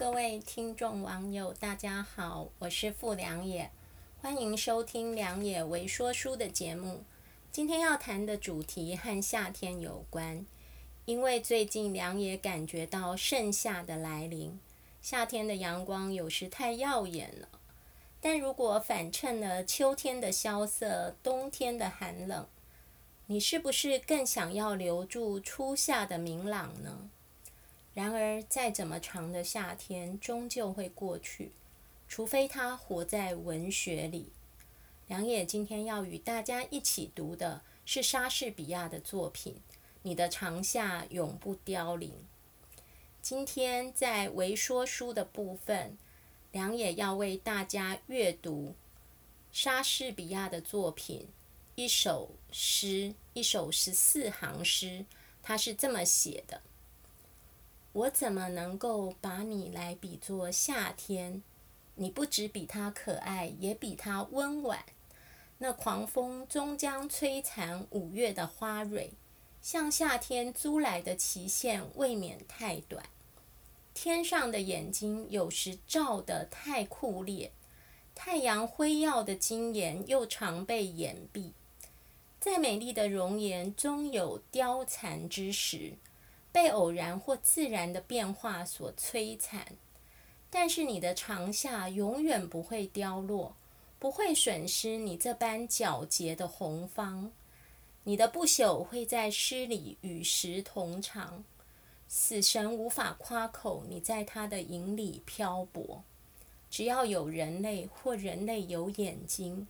各位聽眾網友，大家好，我是傅良也，歡迎收聽良也微說書的節目。今天要談的主題和夏天有關，因為最近良也感覺到盛夏的來臨，夏天的陽光有時太耀眼了。但如果反襯了秋天的蕭瑟、冬天的寒冷，你是不是更想要留住初夏的明朗呢？然而，再怎麼長的夏天終究會過去，除非他活在文學裡。良也今天要與大家一起讀的是莎士比亞的作品，《你的長夏永不凋零》。今天在微說書的部分，良也要為大家閱讀莎士比亞的作品，一首詩，一首十四行詩。他是這麼寫的。我怎麼能夠把你來比作夏天？你不只比它可愛，也比它溫婉。那狂風終將摧殘五月的花蕊，向夏天租來的期限未免太短。天上的眼睛有時照得太酷烈，太陽輝耀的金顏又常被掩蔽。再美麗的容顏，終有凋殘之時。被偶然或自然的變化所摧殘，但是你的長夏永遠不會凋落，不會損失你這般皎潔的紅芳。你的不朽會在詩裡與時同長，死神無法誇口你在他的影裡漂泊。只要有人類或人類有眼睛，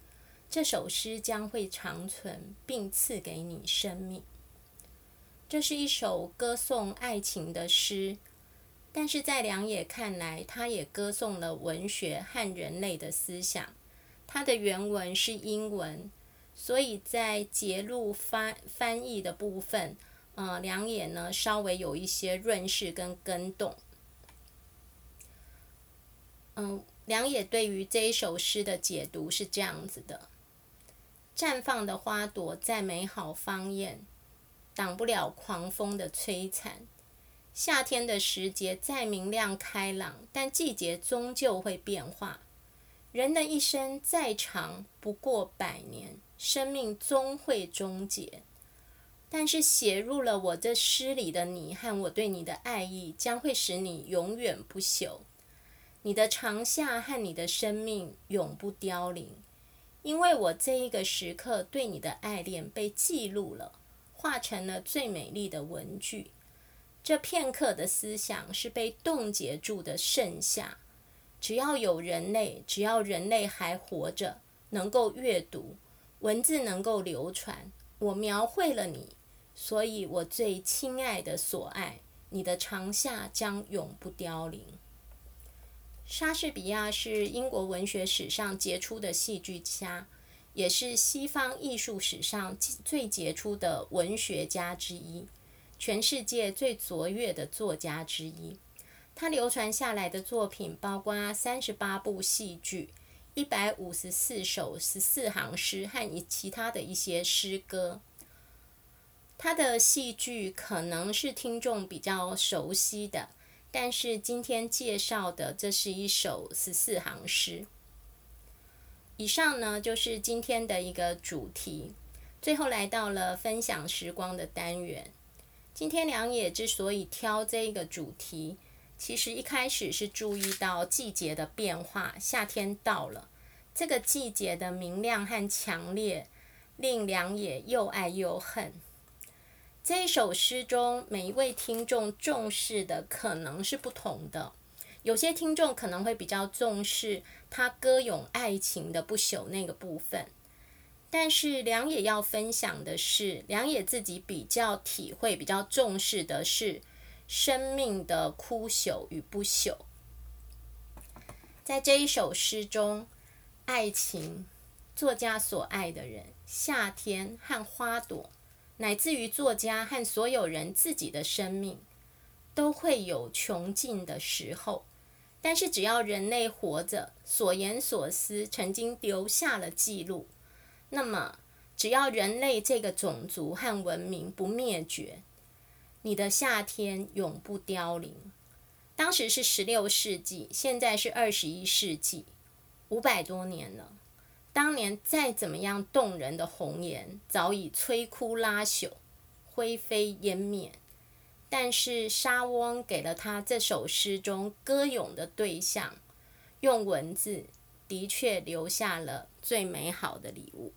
這首詩將會長存，並賜給你生命。這是一首歌頌愛情的詩，但是在良也看來，它也歌頌了文學和人類的思想。它的原文是英文，所以在節錄翻翻譯的部分，呃，良也呢，稍微有一些潤飾跟更動。嗯、呃，良也對於這一首詩的解讀是這樣子的：綻放的花朵再美好芳豔。擋不了狂風的摧殘。夏天的時節再明亮開朗，但季節終究會變化。人的一生再長不過百年，生命終會終結。但是寫入了我這詩裡的你和我對你的愛意，將會使你永遠不朽。你的長夏和你的生命永不凋零，因為我這一個時刻對你的愛戀被記錄了。化成了最美麗的文句。這片刻的思想是被凍結住的盛夏。只要有人類，只要人類還活着，能夠閱讀，文字能夠流傳。我描繪了你，所以我最親愛的所愛，你的長夏將永不凋零。莎士比亞是英國文學史上傑出的戲劇家。也是西方藝術史上最傑出的文學家之一，全世界最卓越的作家之一。他流傳下來的作品包括三十八部戲劇、一百五十四首十四行詩和其他的一些詩歌。他的戲劇可能是聽眾比較熟悉的，但是今天介紹的這是一首十四行詩。以上呢，就是今天的一個主題。最後來到了分享時光的單元。今天良也之所以挑這一個主題，其實一開始是注意到季節的變化，夏天到了，這個季節的明亮和強烈，令良也又愛又恨。這首詩中，每一位聽眾重視的可能是不同的。有些聽眾可能會比較重視他歌詠愛情的不朽那個部分，但是良也要分享的是，良也自己比較體會、比較重視的是生命的枯朽與不朽。在這一首詩中，愛情、作家所愛的人、夏天和花朵，乃至於作家和所有人自己的生命。都會有窮盡的時候，但是只要人類活着，所言所思曾經留下了記錄，那麼只要人類這個種族和文明不滅絕，你的夏天永不凋零。當時是十六世紀，現在是二十一世紀，五百多年了。當年再怎麼樣動人的紅顏，早已摧枯拉朽，灰飛煙滅。但是莎翁給了他這首詩中歌詠的對象，用文字的確留下了最美好的禮物。